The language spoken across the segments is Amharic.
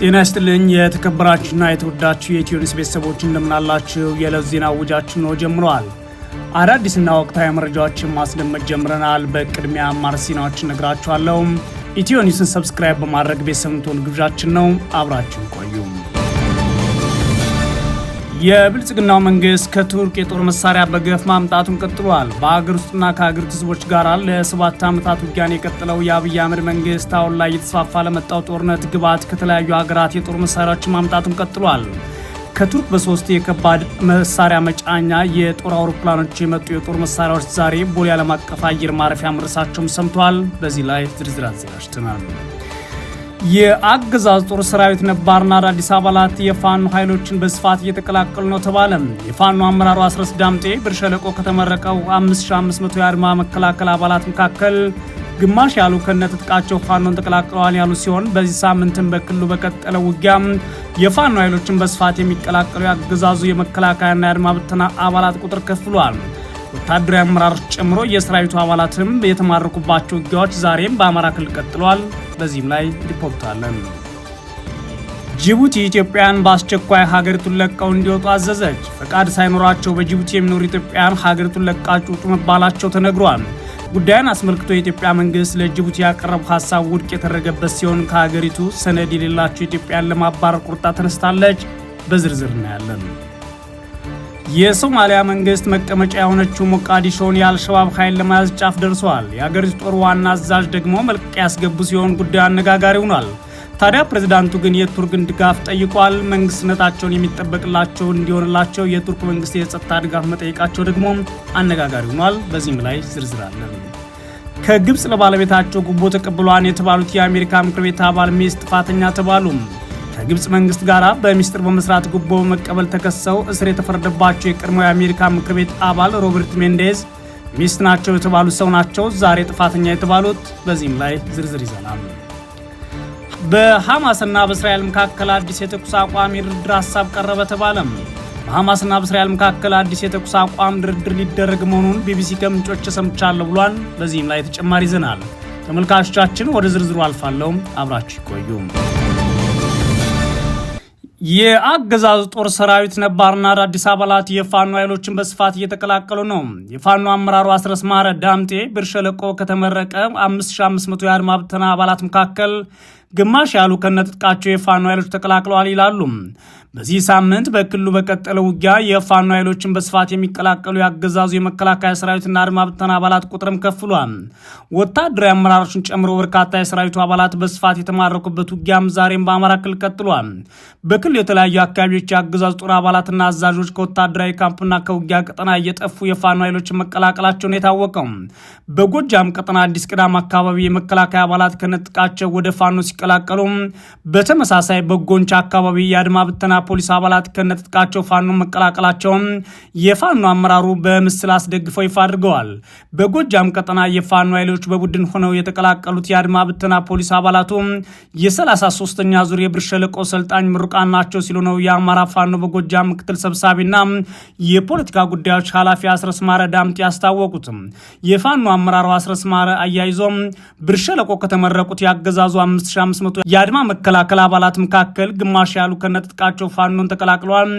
ጤና ይስጥልኝ የተከበራችሁና የተወዳችሁ የኢትዮ ቤተሰቦች እንደምናላችሁ። የዕለት ዜና ውጃችን ነው ጀምረዋል። አዳዲስና ወቅታዊ መረጃዎችን ማስደመጥ ጀምረናል። በቅድሚያ አማር ዜናዎችን ነግራችኋለሁ። ኢትዮ ሰብስክራይብ በማድረግ ቤተሰብ እንድትሆኑ ግብዣችን ነው። አብራችሁን ቆዩም የብልጽግናው መንግስት ከቱርክ የጦር መሳሪያ በገፍ ማምጣቱን ቀጥሏል። በአገር ውስጥና ከአገር ህዝቦች ጋር ለሰባት ዓመታት ውጊያን የቀጠለው የአብይ አህመድ መንግስት አሁን ላይ እየተስፋፋ ለመጣው ጦርነት ግብዓት ከተለያዩ ሀገራት የጦር መሳሪያዎችን ማምጣቱን ቀጥሏል። ከቱርክ በሶስት የከባድ መሳሪያ መጫኛ የጦር አውሮፕላኖች የመጡ የጦር መሳሪያዎች ዛሬ ቦሌ ዓለም አቀፍ አየር ማረፊያ መድረሳቸውም ሰምቷል። በዚህ ላይ ዝርዝር አዘጋጅተናል። የአገዛዝ ጦር ሰራዊት ነባርና አዳዲስ አባላት የፋኖ ኃይሎችን በስፋት እየተቀላቀሉ ነው ተባለ። የፋኖ አመራሩ አስረስ ዳምጤ ብርሸለቆ ከተመረቀው 5500 የአድማ መከላከል አባላት መካከል ግማሽ ያሉ ከነትጥቃቸው ፋኖን ተቀላቅለዋል ያሉ ሲሆን በዚህ ሳምንትም በክልሉ በቀጠለው ውጊያ የፋኖ ኃይሎችን በስፋት የሚቀላቀሉ የአገዛዙ የመከላከያና የአድማ ብተና አባላት ቁጥር ከፍሏል። ወታደራዊ አመራሮች ጨምሮ የሰራዊቱ አባላትም የተማረኩባቸው ውጊያዎች ዛሬም በአማራ ክልል ቀጥሏል። በዚህም ላይ ሪፖርት አለን። ጅቡቲ ኢትዮጵያን በአስቸኳይ ሀገሪቱን ለቀው እንዲወጡ አዘዘች። ፈቃድ ሳይኖራቸው በጅቡቲ የሚኖሩ ኢትዮጵያን ሀገሪቱን ለቃችሁ ውጡ መባላቸው ተነግሯል። ጉዳዩን አስመልክቶ የኢትዮጵያ መንግስት ለጅቡቲ ያቀረቡ ሀሳብ ውድቅ የተደረገበት ሲሆን ከሀገሪቱ ሰነድ የሌላቸው ኢትዮጵያን ለማባረር ቁርጣ ተነስታለች። በዝርዝር እናያለን። የሶማሊያ መንግስት መቀመጫ የሆነችው ሞቃዲሾን የአልሸባብ ኃይል ለመያዝ ጫፍ ደርሰዋል። የአገሪቱ ጦር ዋና አዛዥ ደግሞ መልቀቅ ያስገቡ ሲሆን ጉዳዩ አነጋጋሪ ሆኗል። ታዲያ ፕሬዝዳንቱ ግን የቱርክን ድጋፍ ጠይቋል። መንግስትነታቸውን የሚጠበቅላቸው እንዲሆንላቸው የቱርክ መንግስት የጸጥታ ድጋፍ መጠየቃቸው ደግሞ አነጋጋሪ ሆኗል። በዚህም ላይ ዝርዝር አለን። ከግብፅ ለባለቤታቸው ጉቦ ተቀብሏን የተባሉት የአሜሪካ ምክር ቤት አባል ሚስት ጥፋተኛ ተባሉ። ከግብፅ መንግስት ጋር በሚስጥር በመስራት ጉቦ በመቀበል ተከሰው እስር የተፈረደባቸው የቀድሞ የአሜሪካ ምክር ቤት አባል ሮበርት ሜንዴዝ ሚስት ናቸው የተባሉ ሰው ናቸው ዛሬ ጥፋተኛ የተባሉት። በዚህም ላይ ዝርዝር ይዘናል። በሐማስና በእስራኤል መካከል አዲስ የተኩስ አቋም የድርድር ሀሳብ ቀረበ ተባለም። በሐማስና በእስራኤል መካከል አዲስ የተኩስ አቋም ድርድር ሊደረግ መሆኑን ቢቢሲ ከምንጮች ሰምቻለሁ ብሏል። በዚህም ላይ ተጨማሪ ይዘናል። ተመልካቾቻችን ወደ ዝርዝሩ አልፋለሁም፣ አብራችሁ ይቆዩ። የአገዛዙ ጦር ሰራዊት ነባርና አዳዲስ አባላት የፋኖ ኃይሎችን በስፋት እየተቀላቀሉ ነው። የፋኖ አመራሩ አስረስ ማረ ዳምጤ ብርሸለቆ ከተመረቀ 5500 የአድማ ብተና አባላት መካከል ግማሽ ያሉ ከነትጥቃቸው የፋኖ ኃይሎች ተቀላቅለዋል ይላሉ። በዚህ ሳምንት በክልሉ በቀጠለው ውጊያ የፋኖ ኃይሎችን በስፋት የሚቀላቀሉ የአገዛዙ የመከላከያ ሰራዊትና አድማ ብተና አባላት ቁጥርም ከፍሏል። ወታደራዊ አመራሮችን ጨምሮ በርካታ የሰራዊቱ አባላት በስፋት የተማረኩበት ውጊያም ዛሬም በአማራ ክልል ቀጥሏል። በክልሉ የተለያዩ አካባቢዎች የአገዛዙ ጦር አባላትና አዛዦች ከወታደራዊ ካምፕና ከውጊያ ቀጠና እየጠፉ የፋኖ ኃይሎችን መቀላቀላቸውን የታወቀው በጎጃም ቀጠና አዲስ ቅዳም አካባቢ የመከላከያ አባላት ከነጥቃቸው ወደ ፋኖ ሲቀላቀሉ፣ በተመሳሳይ በጎንቻ አካባቢ የአድማ ብተና ፖሊስ አባላት ከነትጥቃቸው ፋኖ መቀላቀላቸውን የፋኖ አመራሩ በምስል አስደግፈው ይፋ አድርገዋል። በጎጃም ቀጠና የፋኖ ኃይሎች በቡድን ሆነው የተቀላቀሉት የአድማ ብተና ፖሊስ አባላቱ የ33ኛ ዙር የብር ሸለቆ ሰልጣኝ ምሩቃን ናቸው ሲሉ ነው የአማራ ፋኖ በጎጃም ምክትል ሰብሳቢና የፖለቲካ ጉዳዮች ኃላፊ አስረስማረ ዳምጤ ያስታወቁት። የፋኖ አመራሩ አስረስማረ አያይዞም ብር ሸለቆ ከተመረቁት ያገዛዙ 5500 የአድማ መከላከል አባላት መካከል ግማሽ ያሉ ከነጥጥቃቸው ፋኖን ተቀላቅለዋል።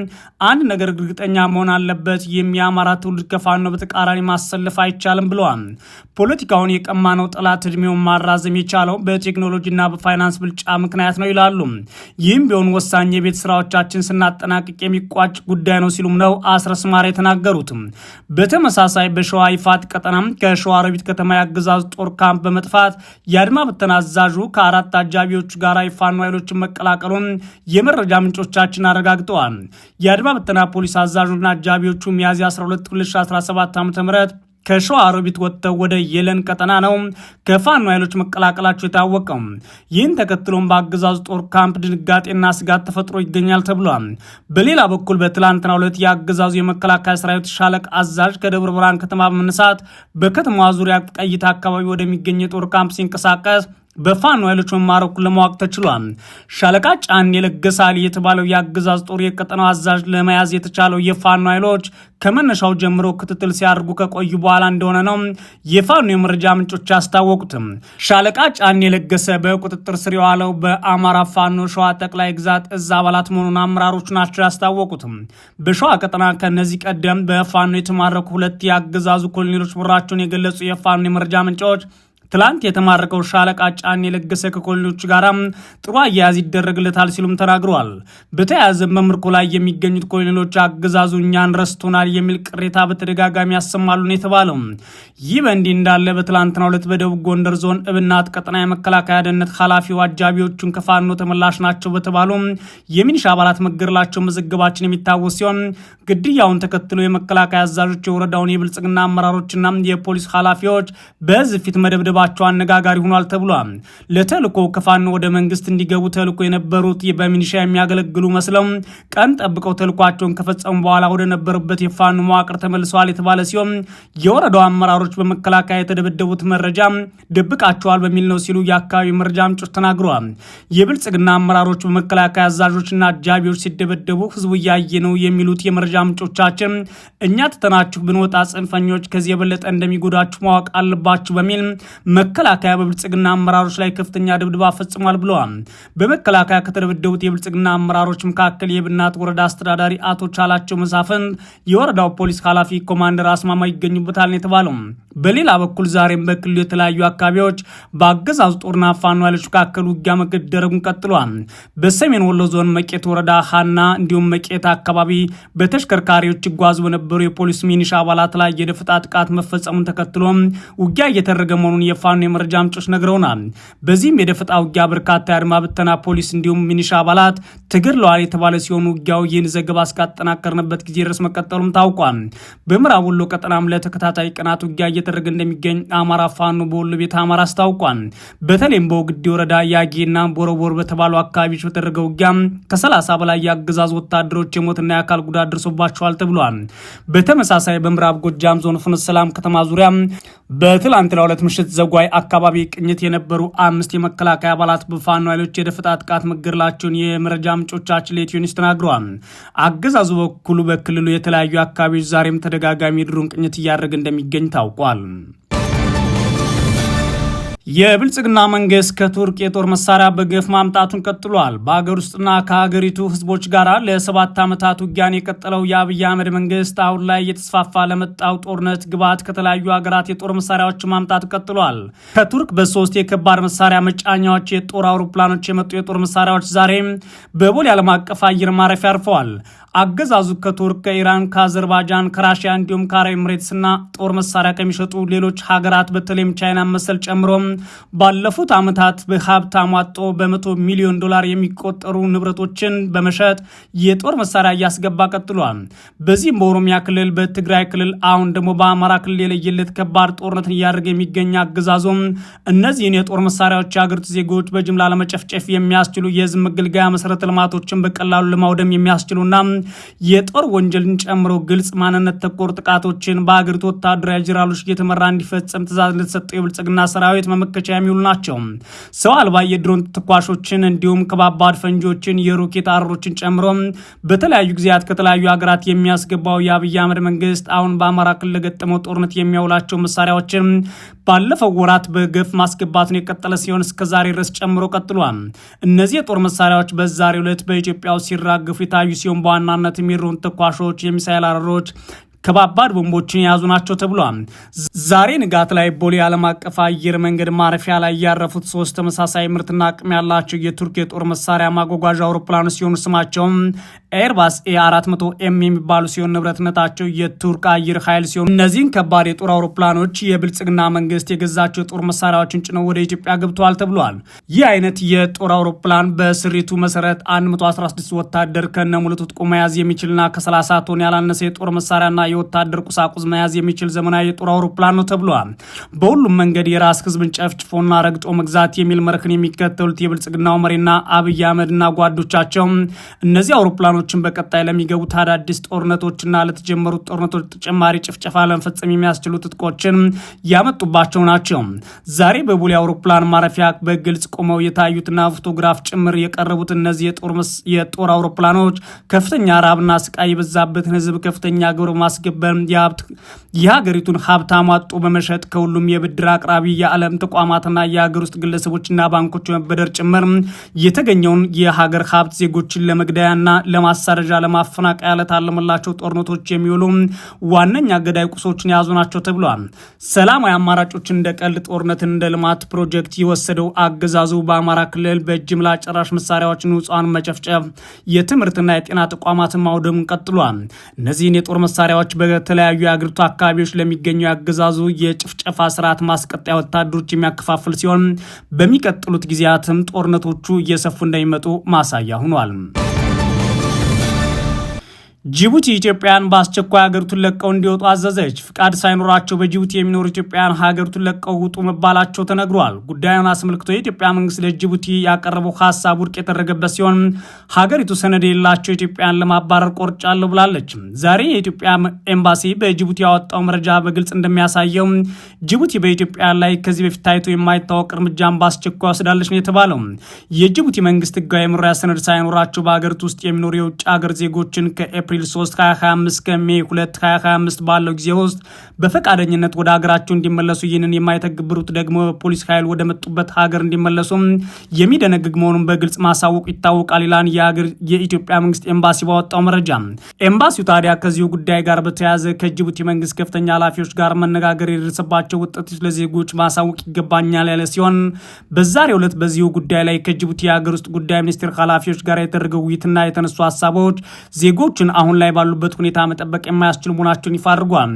አንድ ነገር እርግጠኛ መሆን አለበት፣ የሚያማራ ትውልድ ከፋኖ በተቃራኒ ማሰለፍ አይቻልም ብለዋል። ፖለቲካውን የቀማነው ጠላት እድሜውን ማራዘም የቻለው በቴክኖሎጂና በፋይናንስ ብልጫ ምክንያት ነው ይላሉ። ይህም ቢሆን ወሳኝ የቤት ስራዎቻችን ስናጠናቅቅ የሚቋጭ ጉዳይ ነው ሲሉም ነው አስረስ ማረ የተናገሩት። በተመሳሳይ በሸዋ ይፋት ቀጠና ከሸዋ ረቢት ከተማ የአገዛዙ ጦር ካምፕ በመጥፋት የአድማ ብተና አዛዡ ከአራት አጃቢዎች ጋር የፋኖ ኃይሎችን መቀላቀሉን የመረጃ ምንጮቻችን ምንጮቻችን አረጋግጠዋል። የአድማ ብተና ፖሊስ አዛዡና አጃቢዎቹ ሚያዝያ 12 2017 ዓ ም ከሸዋ ሮቢት ወጥተው ወደ የለን ቀጠና ነው ከፋኖ ኃይሎች መቀላቀላቸው የታወቀው። ይህን ተከትሎም በአገዛዙ ጦር ካምፕ ድንጋጤና ስጋት ተፈጥሮ ይገኛል ተብሏል። በሌላ በኩል በትላንትና ሁለት የአገዛዙ የመከላከያ ሰራዊት ሻለቅ አዛዥ ከደብረ ብርሃን ከተማ በመነሳት በከተማዋ ዙሪያ ቀይታ አካባቢ ወደሚገኝ የጦር ካምፕ ሲንቀሳቀስ በፋኖ ኃይሎች መማረኩን ለማወቅ ተችሏል። ሻለቃ ጫን የለገሳል የተባለው የአገዛዝ ጦር የቀጠናው አዛዥ ለመያዝ የተቻለው የፋኖ ኃይሎች ከመነሻው ጀምሮ ክትትል ሲያደርጉ ከቆዩ በኋላ እንደሆነ ነው የፋኖ የመረጃ ምንጮች ያስታወቁትም። ሻለቃ ጫን የለገሰ በቁጥጥር ስር የዋለው በአማራ ፋኖ ሸዋ ጠቅላይ ግዛት እዝ አባላት መሆኑን አመራሮች ናቸው ያስታወቁትም። በሸዋ ቀጠና ከነዚህ ቀደም በፋኖ የተማረኩ ሁለት የአገዛዙ ኮሎኔሎች ብራቸውን የገለጹ የፋኖ የመረጃ ምንጮች ትላንት የተማረከው ሻለቃ ጫኔ የለገሰ ከኮሎች ጋር ጥሩ አያያዝ ይደረግለታል ሲሉም ተናግረዋል። በተያያዘ በምርኮ ላይ የሚገኙት ኮሎኔሎች አገዛዙ እኛን ረስቶናል የሚል ቅሬታ በተደጋጋሚ ያሰማሉ ነው የተባለው። ይህ በእንዲህ እንዳለ በትላንትናው ዕለት በደቡብ ጎንደር ዞን እብናት ቀጠና የመከላከያ ደህንነት ኃላፊው አጃቢዎቹን ከፋኖ ተመላሽ ናቸው በተባሉ የሚኒሻ አባላት መገደላቸው መዘገባችን የሚታወስ ሲሆን ግድያውን ተከትሎ የመከላከያ አዛዦች የወረዳውን የብልጽግና አመራሮችና የፖሊስ ኃላፊዎች በህዝብ ፊት መደብደ መመደባቸው አነጋጋሪ ሆኗል ተብሏል። ለተልኮ ከፋኖ ወደ መንግስት እንዲገቡ ተልኮ የነበሩት በሚኒሻ የሚያገለግሉ መስለው ቀን ጠብቀው ተልኳቸውን ከፈጸሙ በኋላ ወደ ነበሩበት የፋኖ መዋቅር ተመልሰዋል የተባለ ሲሆን የወረዳው አመራሮች በመከላከያ የተደበደቡት መረጃ ደብቃቸዋል በሚል ነው ሲሉ የአካባቢ መረጃ ምንጮች ተናግረዋል። የብልጽግና አመራሮች በመከላከያ አዛዦችና አጃቢዎች ሲደበደቡ ህዝቡ እያየ ነው የሚሉት የመረጃ ምንጮቻችን እኛ ትተናችሁ ብንወጣ ጽንፈኞች ከዚህ የበለጠ እንደሚጎዳችሁ ማወቅ አለባችሁ በሚል መከላከያ በብልጽግና አመራሮች ላይ ከፍተኛ ድብድባ ፈጽሟል ብለዋል። በመከላከያ ከተደበደቡት የብልጽግና አመራሮች መካከል የብናት ወረዳ አስተዳዳሪ አቶ ቻላቸው መሳፍንት፣ የወረዳው ፖሊስ ኃላፊ ኮማንደር አስማማ ይገኙበታል ነው የተባለው። በሌላ በኩል ዛሬም በክልሉ የተለያዩ አካባቢዎች በአገዛዙ ጦርና ፋኖ ኃይሎች መካከል ውጊያ መደረጉን ቀጥሏል። በሰሜን ወሎ ዞን መቄት ወረዳ ሀና እንዲሁም መቄት አካባቢ በተሽከርካሪዎች ይጓዙ በነበሩ የፖሊስ ሚኒሻ አባላት ላይ የደፈጣ ጥቃት መፈጸሙን ተከትሎም ውጊያ እየተደረገ መሆኑን የፋኖ የመረጃ ምንጮች ነግረውናል። በዚህም የደፈጣ ውጊያ በርካታ የአድማ ብተና ፖሊስ፣ እንዲሁም ሚኒሻ አባላት ተገድለዋል የተባለ ሲሆን ውጊያው ይህን ዘገባ እስካጠናከርንበት ጊዜ ድረስ መቀጠሉም ታውቋል። በምዕራብ ወሎ ቀጠናም ለተከታታይ ቀናት ውጊያ እየተደረገ እንደሚገኝ አማራ ፋኖ በወሎ ቤተ አማራ አስታውቋል። በተለይም በውግዴ ወረዳ ያጌና ቦረቦር በተባሉ አካባቢዎች በተደረገ ውጊያ ከ30 በላይ የአገዛዝ ወታደሮች የሞትና የአካል ጉዳት ደርሶባቸዋል ተብሏል። በተመሳሳይ በምዕራብ ጎጃም ዞን ፍኖተ ሰላም ከተማ ዙሪያ በትላንትናው ሁለት ምሽት በሸጓይ አካባቢ ቅኝት የነበሩ አምስት የመከላከያ አባላት በፋኖ ኃይሎች የደፈጣ ጥቃት መገደላቸውን የመረጃ ምንጮቻችን ለኢትዮኒስ ተናግረዋል። አገዛዙ በኩሉ በክልሉ የተለያዩ አካባቢዎች ዛሬም ተደጋጋሚ ድሮን ቅኝት እያደረገ እንደሚገኝ ታውቋል። የብልጽግና መንግስት ከቱርክ የጦር መሳሪያ በገፍ ማምጣቱን ቀጥሏል። በአገር ውስጥና ከሀገሪቱ ህዝቦች ጋር ለሰባት ዓመታት ውጊያን የቀጠለው የአብይ አህመድ መንግስት አሁን ላይ እየተስፋፋ ለመጣው ጦርነት ግብዓት ከተለያዩ ሀገራት የጦር መሳሪያዎች ማምጣቱ ቀጥሏል። ከቱርክ በሶስት የከባድ መሳሪያ መጫኛዎች የጦር አውሮፕላኖች የመጡ የጦር መሳሪያዎች ዛሬም በቦሌ ዓለም አቀፍ አየር ማረፊያ አርፈዋል። አገዛዙ ከቱርክ፣ ከኢራን፣ ከአዘርባይጃን፣ ከራሽያ እንዲሁም ከአረብ ኤምሬትስና ጦር መሳሪያ ከሚሸጡ ሌሎች ሀገራት በተለይም ቻይና መሰል ጨምሮም ባለፉት ዓመታት በሀብት አሟጦ በመቶ ሚሊዮን ዶላር የሚቆጠሩ ንብረቶችን በመሸጥ የጦር መሳሪያ እያስገባ ቀጥሏል። በዚህም በኦሮሚያ ክልል፣ በትግራይ ክልል፣ አሁን ደግሞ በአማራ ክልል የለየለት ከባድ ጦርነትን እያደረገ የሚገኝ አገዛዙም እነዚህን የጦር መሳሪያዎች የሀገሪቱ ዜጎች በጅምላ ለመጨፍጨፍ የሚያስችሉ የህዝብ መገልገያ መሰረተ ልማቶችን በቀላሉ ለማውደም የሚያስችሉና የጦር ወንጀልን ጨምሮ ግልጽ ማንነት ተኮር ጥቃቶችን በአገሪቱ ወታደራዊ ጀነራሎች እየተመራ እንዲፈጸም ትእዛዝ ለተሰጠው የብልጽግና ሰራዊት መመከቻ የሚውሉ ናቸው። ሰው አልባ የድሮን ተኳሾችን እንዲሁም ከባባድ ፈንጂዎችን፣ የሮኬት አረሮችን ጨምሮ በተለያዩ ጊዜያት ከተለያዩ ሀገራት የሚያስገባው የአብይ አህመድ መንግስት አሁን በአማራ ክልል ለገጠመው ጦርነት የሚያውላቸው መሳሪያዎችን ባለፈው ወራት በገፍ ማስገባትን የቀጠለ ሲሆን እስከዛሬ ድረስ ጨምሮ ቀጥሏል። እነዚህ የጦር መሳሪያዎች በዛሬው ዕለት በኢትዮጵያ ውስጥ ሲራገፉ የታዩ ሲሆን በዋናነት የሚሮን ተኳሾች፣ የሚሳይል አረሮች ከባባድ ቦምቦችን የያዙ ናቸው ተብሏል። ዛሬ ንጋት ላይ ቦሌ ዓለም አቀፍ አየር መንገድ ማረፊያ ላይ ያረፉት ሶስት ተመሳሳይ ምርትና አቅም ያላቸው የቱርክ የጦር መሳሪያ ማጓጓዣ አውሮፕላኖች ሲሆኑ ስማቸውም ኤርባስ ኤ400 ኤም የሚባሉ ሲሆን ንብረትነታቸው የቱርክ አየር ኃይል ሲሆን እነዚህን ከባድ የጦር አውሮፕላኖች የብልጽግና መንግስት የገዛቸው የጦር መሳሪያዎችን ጭነው ወደ ኢትዮጵያ ገብተዋል ተብሏል። ይህ አይነት የጦር አውሮፕላን በስሪቱ መሰረት 116 ወታደር ከነ ሙሉ ትጥቁ መያዝ የሚችልና ከ30 ቶን ያላነሰ የጦር መሳሪያና የወታደር ቁሳቁስ መያዝ የሚችል ዘመናዊ የጦር አውሮፕላን ነው ተብሏል። በሁሉም መንገድ የራስ ህዝብን ጨፍጭፎና ረግጦ መግዛት የሚል መርህን የሚከተሉት የብልጽግናው መሪና አብይ አህመድና ጓዶቻቸው እነዚህ አውሮፕላኖ ወገኖችን በቀጣይ ለሚገቡት አዳዲስ ጦርነቶችና ለተጀመሩት ጦርነቶች ተጨማሪ ጭፍጨፋ ለመፈጸም የሚያስችሉ ትጥቆችን ያመጡባቸው ናቸው። ዛሬ በቡሌ አውሮፕላን ማረፊያ በግልጽ ቆመው የታዩትና ፎቶግራፍ ጭምር የቀረቡት እነዚህ የጦር አውሮፕላኖች ከፍተኛ ረሃብና ስቃይ የበዛበትን ህዝብ ከፍተኛ ግብር በማስገበር የሀገሪቱን ሀብት አሟጦ በመሸጥ ከሁሉም የብድር አቅራቢ የዓለም ተቋማትና የሀገር ውስጥ ግለሰቦችና ባንኮች መበደር ጭምር የተገኘውን የሀገር ሀብት ዜጎችን ለመግደያና ለማ ለማሳረጃ፣ ለማፈናቀያ ለታለመላቸው ጦርነቶች የሚውሉ ዋነኛ ገዳይ ቁሶችን የያዙ ናቸው ተብሏል። ሰላማዊ አማራጮችን እንደ ቀልድ ጦርነትን እንደ ልማት ፕሮጀክት የወሰደው አገዛዙ በአማራ ክልል በጅምላ ጨራሽ መሳሪያዎች ንጹሐን መጨፍጨፍ፣ የትምህርትና የጤና ተቋማትን ማውደሙን ቀጥሏል። እነዚህን የጦር መሳሪያዎች በተለያዩ የአገሪቱ አካባቢዎች ለሚገኙ የአገዛዙ የጭፍጨፋ ስርዓት ማስቀጣያ ወታደሮች የሚያከፋፍል ሲሆን በሚቀጥሉት ጊዜያትም ጦርነቶቹ እየሰፉ እንደሚመጡ ማሳያ ሆኗል። ጅቡቲ ኢትዮጵያን በአስቸኳይ ሀገሪቱን ለቀው እንዲወጡ አዘዘች። ፍቃድ ሳይኖራቸው በጅቡቲ የሚኖሩ ኢትዮጵያን ሀገሪቱን ለቀው ውጡ መባላቸው ተነግሯል። ጉዳዩን አስመልክቶ የኢትዮጵያ መንግስት ለጅቡቲ ያቀረበው ሀሳብ ውድቅ የተደረገበት ሲሆን ሀገሪቱ ሰነድ የሌላቸው ኢትዮጵያን ለማባረር ቆርጫለሁ ብላለች። ዛሬ የኢትዮጵያ ኤምባሲ በጅቡቲ ያወጣው መረጃ በግልጽ እንደሚያሳየው ጅቡቲ በኢትዮጵያ ላይ ከዚህ በፊት ታይቶ የማይታወቅ እርምጃን በአስቸኳይ ወስዳለች ነው የተባለው። የጅቡቲ መንግስት ህጋዊ መኖሪያ ሰነድ ሳይኖራቸው በሀገሪቱ ውስጥ የሚኖሩ የውጭ ሀገር ዜጎችን ከኤፕሪል ከአፕሪል 3 2025 ከሜ 2 2025 ባለው ጊዜ ውስጥ በፈቃደኝነት ወደ ሀገራቸው እንዲመለሱ ይህንን የማይተግብሩት ደግሞ በፖሊስ ኃይል ወደ መጡበት ሀገር እንዲመለሱም የሚደነግግ መሆኑን በግልጽ ማሳወቁ ይታወቃል ይላል የኢትዮጵያ መንግስት ኤምባሲ ባወጣው መረጃ። ኤምባሲው ታዲያ ከዚሁ ጉዳይ ጋር በተያያዘ ከጅቡቲ መንግስት ከፍተኛ ኃላፊዎች ጋር መነጋገር የደረሰባቸው ውጤቶች ለዜጎች ማሳወቅ ይገባኛል ያለ ሲሆን በዛሬው ዕለት በዚሁ ጉዳይ ላይ ከጅቡቲ የሀገር ውስጥ ጉዳይ ሚኒስቴር ኃላፊዎች ጋር የተደረገው ውይይትና የተነሱ ሀሳቦች ዜጎችን አሁን ላይ ባሉበት ሁኔታ መጠበቅ የማያስችል መሆናቸውን ይፋ አድርጓል።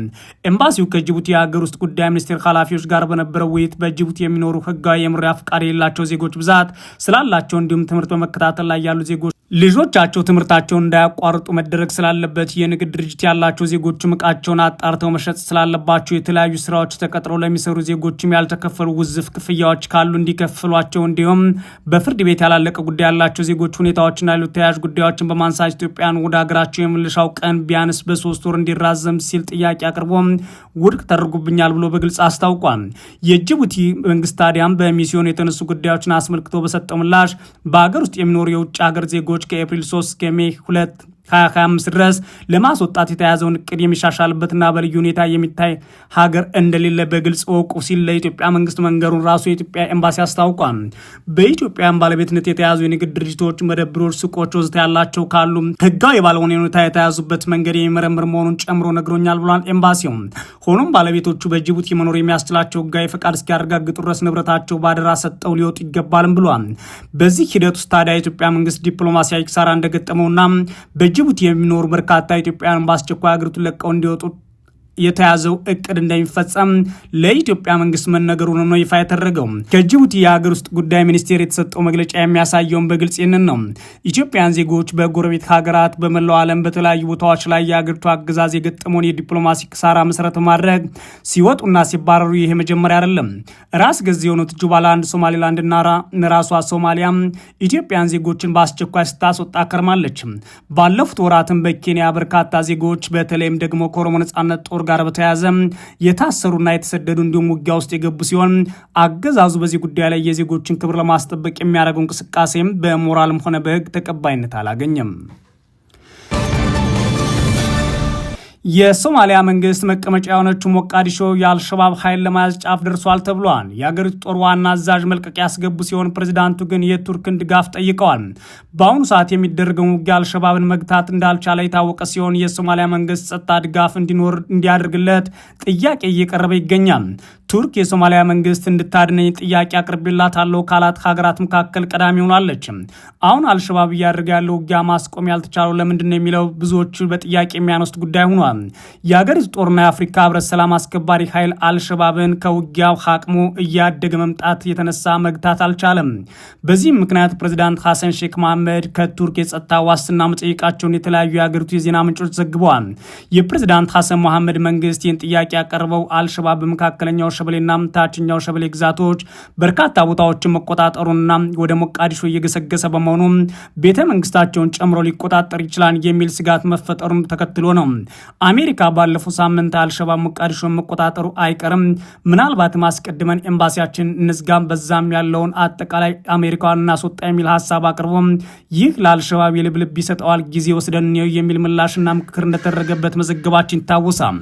ኤምባሲው ከጅቡቲ የሀገር ውስጥ ጉዳይ ሚኒስቴር ኃላፊዎች ጋር በነበረው ውይይት በጅቡቲ የሚኖሩ ህጋዊ የመኖሪያ ፍቃድ የሌላቸው ዜጎች ብዛት ስላላቸው እንዲሁም ትምህርት በመከታተል ላይ ያሉ ዜጎች ልጆቻቸው ትምህርታቸውን እንዳያቋርጡ መደረግ ስላለበት የንግድ ድርጅት ያላቸው ዜጎችም እቃቸውን አጣርተው መሸጥ ስላለባቸው የተለያዩ ስራዎች ተቀጥረው ለሚሰሩ ዜጎችም ያልተከፈሉ ውዝፍ ክፍያዎች ካሉ እንዲከፍሏቸው እንዲሁም በፍርድ ቤት ያላለቀ ጉዳይ ያላቸው ዜጎች ሁኔታዎችና ሌሎች ተያያዥ ጉዳዮችን በማንሳት ኢትዮጵያን ወደ ሀገራቸው የመልሻው ቀን ቢያንስ በሶስት ወር እንዲራዘም ሲል ጥያቄ አቅርቦ ውድቅ ተደርጉብኛል ብሎ በግልጽ አስታውቋል። የጅቡቲ መንግስት ታዲያም በሚስዮን የተነሱ ጉዳዮችን አስመልክቶ በሰጠው ምላሽ በሀገር ውስጥ የሚኖሩ የውጭ ሀገር ዜጎች ክልሎች ከኤፕሪል 3 እስከ ሜይ 2 2025 ድረስ ለማስወጣት የተያዘውን እቅድ የሚሻሻልበትና በልዩ ሁኔታ የሚታይ ሀገር እንደሌለ በግልጽ ወቁ ሲል ለኢትዮጵያ መንግስት መንገሩን ራሱ የኢትዮጵያ ኤምባሲ አስታውቋል። በኢትዮጵያን ባለቤትነት የተያዙ የንግድ ድርጅቶች፣ መደብሮች፣ ሱቆች ወዘተ ያላቸው ካሉ ህጋዊ ባለሆነ ሁኔታ የተያዙበት መንገድ የሚመረምር መሆኑን ጨምሮ ነግሮኛል ብሏል ኤምባሲው። ሆኖም ባለቤቶቹ በጅቡቲ መኖር የሚያስችላቸው ህጋዊ ፈቃድ እስኪያረጋግጡ ድረስ ንብረታቸው ባደራ ሰጠው ሊወጡ ይገባልም ብሏል። በዚህ ሂደት ውስጥ ታዲያ የኢትዮጵያ መንግስት ዲፕሎማሲያዊ ኪሳራ እንደገጠመውና በጅ በጅቡቲ የሚኖሩ በርካታ ኢትዮጵያውያን በአስቸኳይ ሀገሪቱን ለቀው እንዲወጡ የተያዘው እቅድ እንደሚፈጸም ለኢትዮጵያ መንግስት መነገሩን ነው ይፋ ያደረገው። ከጅቡቲ የሀገር ውስጥ ጉዳይ ሚኒስቴር የተሰጠው መግለጫ የሚያሳየውን በግልጽ ይህንን ነው። ኢትዮጵያን ዜጎች በጎረቤት ሀገራት፣ በመላው ዓለም በተለያዩ ቦታዎች ላይ የአገሪቱ አገዛዝ የገጠመውን የዲፕሎማሲ ክሳራ መሰረት ማድረግ ሲወጡና ሲባረሩ ይሄ መጀመሪያ አይደለም። ራስ ገዝ የሆኑት ጁባላንድ፣ ሶማሌላንድና ራሷ ሶማሊያ ኢትዮጵያን ዜጎችን በአስቸኳይ ስታስወጣ ከርማለች። ባለፉት ወራትም በኬንያ በርካታ ዜጎች በተለይም ደግሞ ከኦሮሞ ነጻነት ጦር ጦር ጋር በተያያዘ የታሰሩና የተሰደዱ እንዲሁም ውጊያ ውስጥ የገቡ ሲሆን አገዛዙ በዚህ ጉዳይ ላይ የዜጎችን ክብር ለማስጠበቅ የሚያደርገው እንቅስቃሴም በሞራልም ሆነ በሕግ ተቀባይነት አላገኘም። የሶማሊያ መንግስት መቀመጫ የሆነችው ሞቃዲሾ የአልሸባብ ኃይል ለመያዝ ጫፍ ደርሷል ተብሏል። የአገሪቱ ጦር ዋና አዛዥ መልቀቅ ያስገቡ ሲሆን ፕሬዚዳንቱ ግን የቱርክን ድጋፍ ጠይቀዋል። በአሁኑ ሰዓት የሚደረገው ውጊያ አልሸባብን መግታት እንዳልቻለ የታወቀ ሲሆን የሶማሊያ መንግስት ጸጥታ ድጋፍ እንዲኖር እንዲያደርግለት ጥያቄ እየቀረበ ይገኛል። ቱርክ የሶማሊያ መንግስት እንድታድነኝ ጥያቄ አቅርቤላታለሁ ካላት ሀገራት መካከል ቀዳሚ ሆናለች። አሁን አልሸባብ እያደረገ ያለው ውጊያ ማስቆም ያልተቻለው ለምንድን ነው የሚለው ብዙዎቹ በጥያቄ የሚያነሱት ጉዳይ ሆኗል። የአገር ውስጥ ጦርና የአፍሪካ ህብረት ሰላም አስከባሪ ኃይል አልሸባብን ከውጊያው አቅሙ እያደገ መምጣት የተነሳ መግታት አልቻለም። በዚህም ምክንያት ፕሬዚዳንት ሐሰን ሼክ መሐመድ ከቱርክ የጸጥታ ዋስትና መጠየቃቸውን የተለያዩ የአገሪቱ የዜና ምንጮች ዘግበዋል። የፕሬዚዳንት ሐሰን መሐመድ መንግስት ይህን ጥያቄ ያቀርበው አልሸባብ በመካከለኛው ሸበሌና ታችኛው ሸበሌ ግዛቶች በርካታ ቦታዎችን መቆጣጠሩና ወደ ሞቃዲሾ እየገሰገሰ በመሆኑ ቤተ መንግስታቸውን ጨምሮ ሊቆጣጠር ይችላል የሚል ስጋት መፈጠሩን ተከትሎ ነው። አሜሪካ ባለፈው ሳምንት አልሸባብ ሞቃዲሾን መቆጣጠሩ አይቀርም፣ ምናልባት አስቀድመን ኤምባሲያችን እንዝጋም፣ በዛም ያለውን አጠቃላይ አሜሪካን እናስወጣ የሚል ሀሳብ አቅርቦ ይህ ለአልሸባብ የልብልብ ይሰጠዋል፣ ጊዜ ወስደን የሚል ምላሽና ምክክር እንደተደረገበት መዘገባችን ይታወሳል።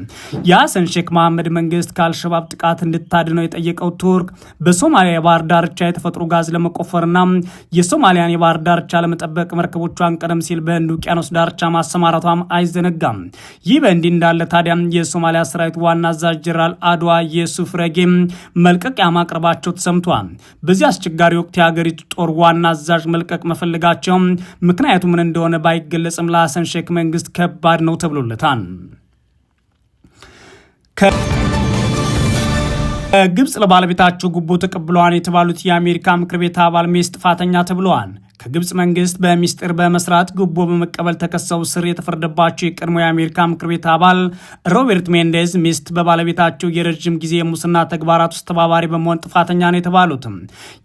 የሀሰን ሼክ መሐመድ መንግስት ከአልሸባብ ጥቃት እንድታድነው የጠየቀው ቱርክ በሶማሊያ የባህር ዳርቻ የተፈጥሮ ጋዝ ለመቆፈርና የሶማሊያን የባህር ዳርቻ ለመጠበቅ መርከቦቿን ቀደም ሲል በህንድ ውቅያኖስ ዳርቻ ማሰማራቷም አይዘነጋም። ይህ በእንዲህ እንዳለ ታዲያ የሶማሊያ ሰራዊት ዋና አዛዥ ጀነራል አድዋ የሱፍ ረጌ መልቀቂያ ማቅረባቸው ተሰምቷል። በዚህ አስቸጋሪ ወቅት የሀገሪቱ ጦር ዋና አዛዥ መልቀቅ መፈለጋቸው ምክንያቱ ምን እንደሆነ ባይገለጽም ለሀሰን ሼክ መንግስት ከባድ ነው ተብሎለታል። ግብጽ ለባለቤታቸው ጉቦ ተቀብለዋል የተባሉት የአሜሪካ ምክር ቤት አባል ሜስ ጥፋተኛ ተብለዋል። ከግብፅ መንግስት በሚስጥር በመስራት ጉቦ በመቀበል ተከሰው ስር የተፈረደባቸው የቀድሞ የአሜሪካ ምክር ቤት አባል ሮቤርት ሜንዴዝ ሚስት በባለቤታቸው የረዥም ጊዜ የሙስና ተግባራት ውስጥ ተባባሪ በመሆን ጥፋተኛ ነው የተባሉት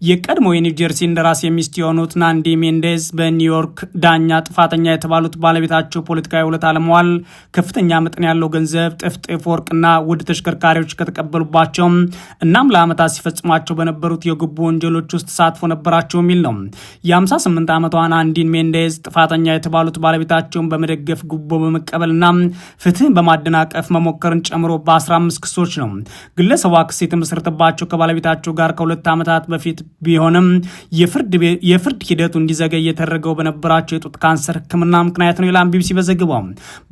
የቀድሞ የኒውጀርሲ እንደራሴ ሚስት የሆኑት ናንዲ ሜንዴዝ በኒውዮርክ ዳኛ ጥፋተኛ የተባሉት ባለቤታቸው ፖለቲካዊ ውለት አለመዋል፣ ከፍተኛ መጠን ያለው ገንዘብ፣ ጥፍጥፍ ወርቅና ውድ ተሽከርካሪዎች ከተቀበሉባቸው እናም ለዓመታት ሲፈጽሟቸው በነበሩት የጉቦ ወንጀሎች ውስጥ ተሳትፎ ነበራቸው የሚል ነው። የ ዓመቷን አንዲን ሜንዴዝ ጥፋተኛ የተባሉት ባለቤታቸውን በመደገፍ ጉቦ በመቀበልና ፍትህ በማደናቀፍ መሞከርን ጨምሮ በ15 ክሶች ነው ግለሰቧ ክስ የተመሰረተባቸው ከባለቤታቸው ጋር ከሁለት ዓመታት በፊት ቢሆንም የፍርድ ሂደቱ እንዲዘገይ የተደረገው በነበራቸው የጡት ካንሰር ሕክምና ምክንያት ነው ይላል ቢቢሲ በዘግባው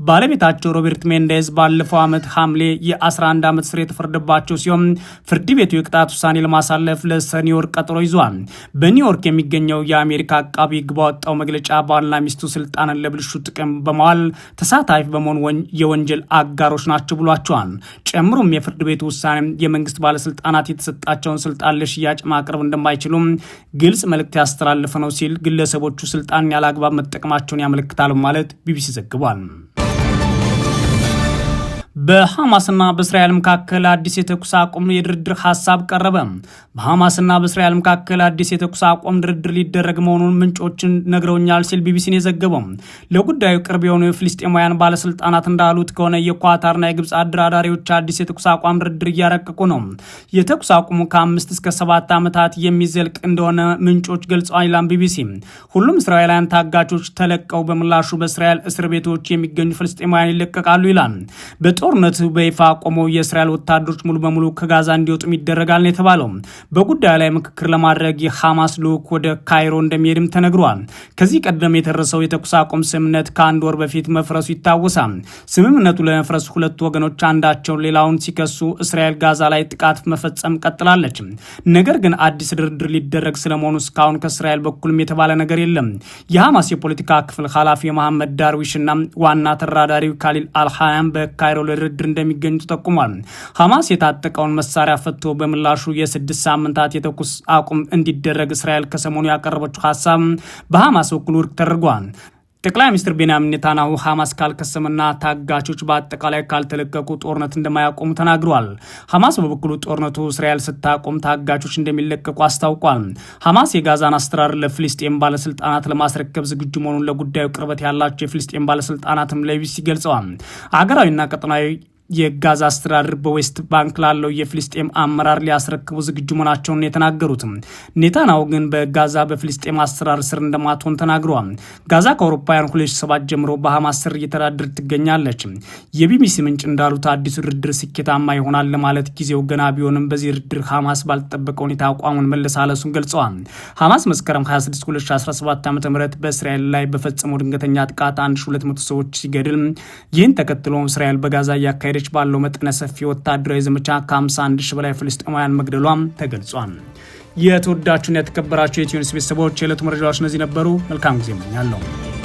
ባለቤታቸው ሮቤርት ሜንዴዝ ባለፈው ዓመት ሐምሌ የ11 ዓመት ስር የተፈረደባቸው ሲሆን ፍርድ ቤቱ የቅጣት ውሳኔ ለማሳለፍ ለሰኒዮር ቀጠሮ ይዟል። በኒውዮርክ የሚገኘው የአሜሪካ አቃቢ ህግ ባወጣው መግለጫ ባልና ሚስቱ ስልጣንን ለብልሹ ጥቅም በመዋል ተሳታፊ በመሆን የወንጀል አጋሮች ናቸው ብሏቸዋል። ጨምሮም የፍርድ ቤቱ ውሳኔ የመንግስት ባለስልጣናት የተሰጣቸውን ስልጣን ለሽያጭ ማቅረብ እንደማይችሉም ግልጽ መልእክት ያስተላለፈ ነው ሲል ግለሰቦቹ ስልጣንን ያለ አግባብ መጠቀማቸውን ያመለክታል ማለት ቢቢሲ ዘግቧል። በሐማስና በእስራኤል መካከል አዲስ የተኩስ አቁም የድርድር ሀሳብ ቀረበ። በሐማስና በእስራኤል መካከል አዲስ የተኩስ አቁም ድርድር ሊደረግ መሆኑን ምንጮችን ነግረውኛል ሲል ቢቢሲን የዘገበው ለጉዳዩ ቅርብ የሆኑ የፍልስጤማውያን ባለስልጣናት እንዳሉት ከሆነ የኳታርና የግብፅ አደራዳሪዎች አዲስ የተኩስ አቋም ድርድር እያረቀቁ ነው። የተኩስ አቁሙ ከአምስት እስከ ሰባት ዓመታት የሚዘልቅ እንደሆነ ምንጮች ገልጸዋል ይላል ቢቢሲ። ሁሉም እስራኤላውያን ታጋቾች ተለቀው በምላሹ በእስራኤል እስር ቤቶች የሚገኙ ፍልስጤማውያን ይለቀቃሉ ይላል። ጦርነት በይፋ ቆመው የእስራኤል ወታደሮች ሙሉ በሙሉ ከጋዛ እንዲወጡም ይደረጋል ነው የተባለው። በጉዳዩ ላይ ምክክር ለማድረግ የሐማስ ልዑክ ወደ ካይሮ እንደሚሄድም ተነግሯል። ከዚህ ቀደም የተደረሰው የተኩስ አቁም ስምምነት ከአንድ ወር በፊት መፍረሱ ይታወሳል። ስምምነቱ ለመፍረሱ ሁለቱ ወገኖች አንዳቸው ሌላውን ሲከሱ፣ እስራኤል ጋዛ ላይ ጥቃት መፈጸም ቀጥላለች። ነገር ግን አዲስ ድርድር ሊደረግ ስለመሆኑ እስካሁን ከእስራኤል በኩልም የተባለ ነገር የለም። የሐማስ የፖለቲካ ክፍል ኃላፊ የመሐመድ ዳርዊሽና ዋና ተራዳሪው ካሊል አልሃያም በካይሮ በድርድር እንደሚገኙ ተጠቁሟል። ሐማስ የታጠቀውን መሳሪያ ፈቶ በምላሹ የስድስት ሳምንታት የተኩስ አቁም እንዲደረግ እስራኤል ከሰሞኑ ያቀረበችው ሀሳብ በሐማስ በኩል ውድቅ ተደርጓል። ጠቅላይ ሚኒስትር ቤንያሚን ኔታንያሁ ሐማስ ካልከሰምና ታጋቾች በአጠቃላይ ካልተለቀቁ ጦርነት እንደማያቆሙ ተናግረዋል። ሐማስ በበኩሉ ጦርነቱ እስራኤል ስታቆም ታጋቾች እንደሚለቀቁ አስታውቋል። ሐማስ የጋዛን አስተራር ለፍልስጤም ባለስልጣናት ለማስረከብ ዝግጁ መሆኑን ለጉዳዩ ቅርበት ያላቸው የፍልስጤም ባለስልጣናትም ለቢቢሲ ገልጸዋል። አገራዊና ቀጠናዊ የጋዛ አስተዳደር በዌስት ባንክ ላለው የፍልስጤም አመራር ሊያስረክቡ ዝግጁ መሆናቸውን የተናገሩት ኔታናው ግን በጋዛ በፍልስጤም አሰራር ስር እንደማትሆን ተናግረዋል። ጋዛ ከአውሮፓውያን 2007 ጀምሮ በሐማስ ስር እየተዳደር ትገኛለች። የቢቢሲ ምንጭ እንዳሉት አዲሱ ድርድር ስኬታማ ይሆናል ለማለት ጊዜው ገና ቢሆንም በዚህ ድርድር ሐማስ ባልተጠበቀ ሁኔታ አቋሙን መለሳለሱን ገልጸዋል። ሐማስ መስከረም 26 2017 ዓ ም በእስራኤል ላይ በፈጸመው ድንገተኛ ጥቃት 1200 ሰዎች ሲገድል ይህን ተከትሎ እስራኤል በጋዛ እያካሄደ እያካሄደች ባለው መጠነ ሰፊ ወታደራዊ ዘመቻ ከ51 ሺ በላይ ፍልስጤማውያን መግደሏም ተገልጿል። የተወዳችሁና የተከበራችሁ የኢትዮ ኒውስ ቤተሰቦች የዕለቱ መረጃዎች እነዚህ ነበሩ። መልካም ጊዜ እመኛለሁ።